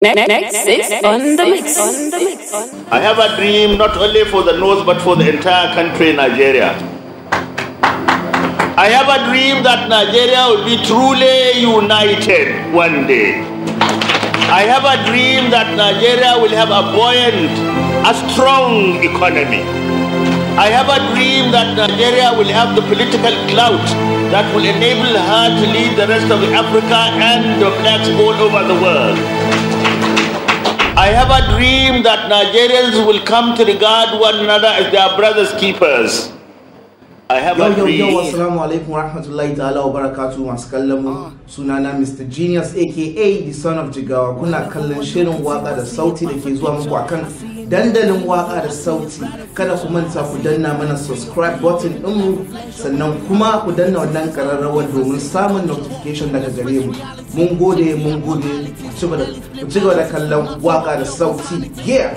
Next, next, next, on the mix. On the mix. I have a dream not only for the north but for the entire country, Nigeria. I have a dream that Nigeria will be truly united one day. I have a dream that Nigeria will have a buoyant, a strong economy. I have a dream that Nigeria will have the political clout that will enable her to lead the rest of Africa and the blacks all over the world. I have a dream that Nigerians will come to regard one another as their brothers keepers. I have yo, a yo, dream. Yo, yo, assalamu alaikum wa rahmatullahi ta'ala wa barakatuhu sunana Mr. Genius aka the son of Jigawa kuna kallon shirin waka da sauti da ke zuwa muku akan dandalin waka da sauti kada ku manta ku danna mana subscribe button mu sannan kuma ku danna wannan kararrawar domin samun notification daga gare mu mun gode mun gode ku ci gaba da kallon waka da sauti yeah